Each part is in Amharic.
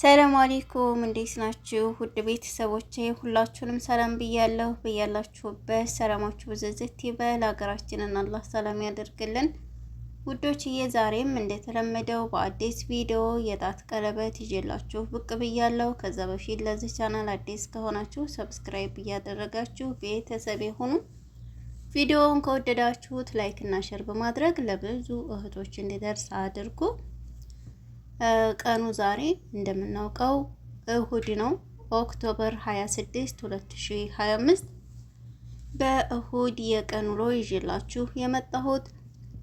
ሰላም አሌኩም እንዴት ናችሁ? ውድ ቤተሰቦቼ ሁላችሁንም ሰላም ብያለሁ። ብያላችሁበት ሰላማችሁ ብዝዝት ይበል። ሀገራችንን አላህ ሰላም ያደርግልን። ውዶችዬ ዛሬም እንደተለመደው በአዲስ ቪዲዮ የጣት ቀለበት ይዤላችሁ ብቅ ብያለሁ። ከዛ በፊት ለዚህ ቻናል አዲስ ከሆናችሁ ሰብስክራይብ እያደረጋችሁ ቤተሰብ የሆኑ ቪዲዮውን ከወደዳችሁት ላይክ እና ሸር በማድረግ ለብዙ እህቶች እንዲደርስ አድርጉ። ቀኑ ዛሬ እንደምናውቀው እሁድ ነው። ኦክቶበር 26 2025 በእሁድ የቀን ውሎ ይዤላችሁ የመጣሁት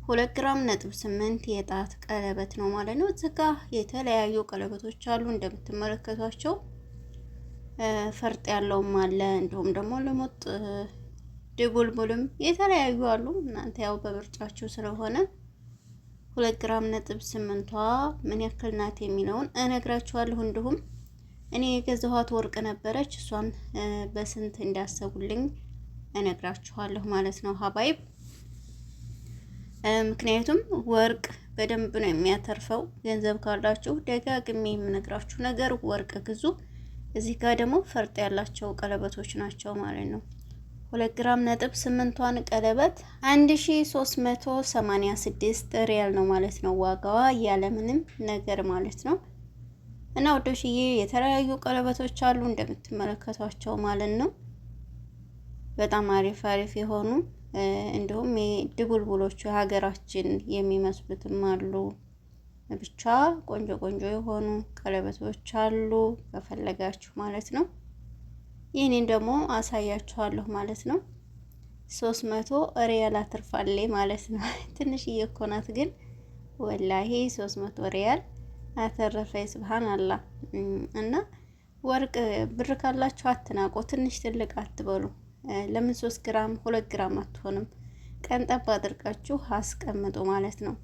2 ግራም ነጥብ 8 የጣት ቀለበት ነው ማለት ነው። እዚህ ጋ የተለያዩ ቀለበቶች አሉ እንደምትመለከቷቸው ፈርጥ ያለውም አለ እንዲሁም ደግሞ ልሙጥ ድቡልቡልም የተለያዩ አሉ። እናንተ ያው በምርጫችሁ ስለሆነ ሁለት ግራም ነጥብ ስምንቷ ምን ያክል ናት የሚለውን እነግራችኋለሁ። እንዲሁም እኔ የገዛኋት ወርቅ ነበረች። እሷን በስንት እንዳሰቡልኝ እነግራችኋለሁ ማለት ነው ሀባይብ። ምክንያቱም ወርቅ በደንብ ነው የሚያተርፈው። ገንዘብ ካላችሁ ደጋግሜ የምነግራችሁ ነገር ወርቅ ግዙ። እዚህ ጋር ደግሞ ፈርጥ ያላቸው ቀለበቶች ናቸው ማለት ነው። ሁለት ግራም ነጥብ 8ቷን ቀለበት 1386 ሪያል ነው ማለት ነው ዋጋዋ ያለምንም ነገር ማለት ነው። እና ወዶሽዬ የተለያዩ ቀለበቶች አሉ እንደምትመለከቷቸው ማለት ነው። በጣም አሪፍ አሪፍ የሆኑ እንዲሁም ድቡልቡሎቹ ሀገራችን የሚመስሉትም አሉ። ብቻ ቆንጆ ቆንጆ የሆኑ ቀለበቶች አሉ ከፈለጋችሁ ማለት ነው። ይህንን ደግሞ አሳያችኋለሁ ማለት ነው። ሶስት መቶ ሪያል አትርፋሌ ማለት ነው። ትንሽዬ እየኮናት ግን ወላሂ ሶስት መቶ ሪያል አተረፈ። ስብሃን አላ እና ወርቅ ብር ካላችሁ አትናቁ። ትንሽ ትልቅ አትበሉ። ለምን ሶስት ግራም ሁለት ግራም አትሆንም? ቀንጠብ አድርጋችሁ አስቀምጡ ማለት ነው።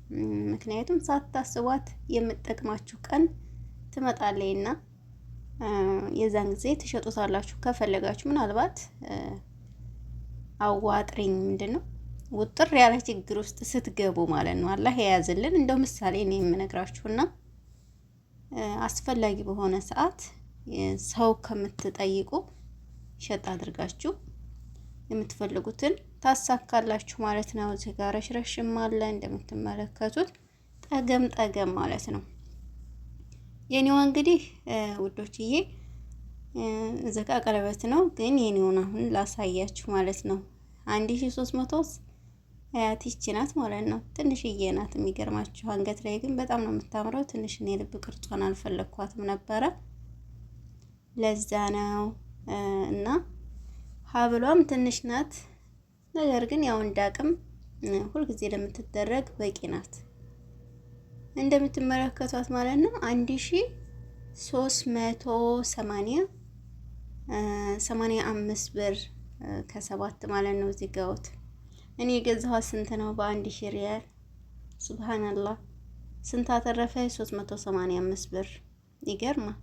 ምክንያቱም ሳታስቧት የምጠቅማችሁ ቀን ትመጣለይና የዛን ጊዜ ትሸጡታላችሁ። ከፈለጋችሁ ምናልባት አዋጥሪኝ ምንድን ነው ውጥር ያለ ችግር ውስጥ ስትገቡ ማለት ነው። አላህ የያዝልን እንደው ምሳሌ እኔ የምነግራችሁና አስፈላጊ በሆነ ሰዓት ሰው ከምትጠይቁ ሸጥ አድርጋችሁ የምትፈልጉትን ታሳካላችሁ ማለት ነው። እዚህ ጋር ረሽረሽም አለ እንደምትመለከቱት ጠገም ጠገም ማለት ነው። የኔዋ እንግዲህ ውዶችዬ ዘጋ ቀለበት ነው፣ ግን የኔውን አሁን ላሳያችሁ ማለት ነው። አንድ ሺ ሶስት ቲች ናት ማለት ነው። ትንሽዬ ናት የሚገርማችሁ። አንገት ላይ ግን በጣም ነው የምታምረው። ትንሽ እኔ ልብ ቅርጿን አልፈለግኳትም ነበረ ለዛ ነው እና ሀብሏም ትንሽ ናት። ነገር ግን ያው እንዳቅም ሁልጊዜ ለምትደረግ በቂ ናት። እንደምትመለከቷት ማለት ነው አንድ ሺ ሶስት መቶ ሰማኒያ ሰማኒያ አምስት ብር ከሰባት ማለት ነው እዚህ ጋውት እኔ የገዛኋት ስንት ነው? በአንድ ሺ ሪያል ሱብሃንአላህ ስንት አተረፈ? ሶስት መቶ ሰማኒያ አምስት ብር ይገርማል።